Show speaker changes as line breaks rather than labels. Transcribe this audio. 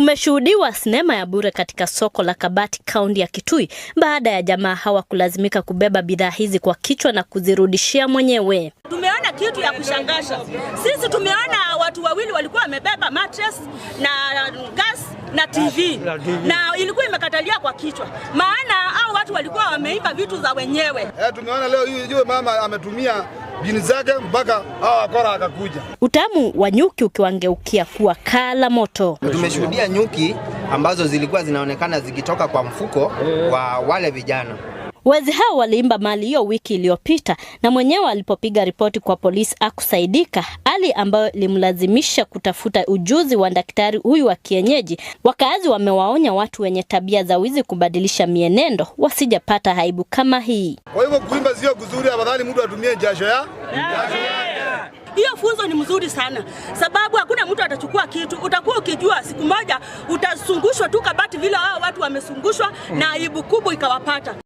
Kumeshuhudiwa sinema ya bure katika soko la Kabati kaunti ya Kitui baada ya jamaa hawa kulazimika kubeba bidhaa hizi kwa kichwa na kuzirudishia mwenyewe.
Tumeona kitu ya kushangasha sisi, tumeona watu wawili walikuwa wamebeba mattress na uh, gas na TV na ilikuwa imekatalia kwa kichwa, maana au watu walikuwa wameiba vitu za wenyewe.
Eh, tumeona leo yule mama ametumia jini zake mpaka hawa wakora akakuja.
Utamu wa nyuki ukiwangeukia kuwa kala moto.
Tumeshuhudia nyuki ambazo zilikuwa zinaonekana zikitoka kwa mfuko wa wale vijana.
Wezi hao waliimba mali hiyo wiki iliyopita na mwenyewe alipopiga ripoti kwa polisi akusaidika, hali ambayo ilimlazimisha kutafuta ujuzi wa daktari huyu wa kienyeji. Wakazi wamewaonya watu wenye tabia za wizi kubadilisha mienendo wasijapata aibu kama hii.
Kwa hivyo kuimba sio kuzuri, afadhali mtu atumie jasho ya
hiyo funzo ni mzuri sana sababu hakuna mtu atachukua kitu. Utakuwa ukijua siku moja utazungushwa tu kabati vile hao watu wamesungushwa, na aibu kubwa ikawapata.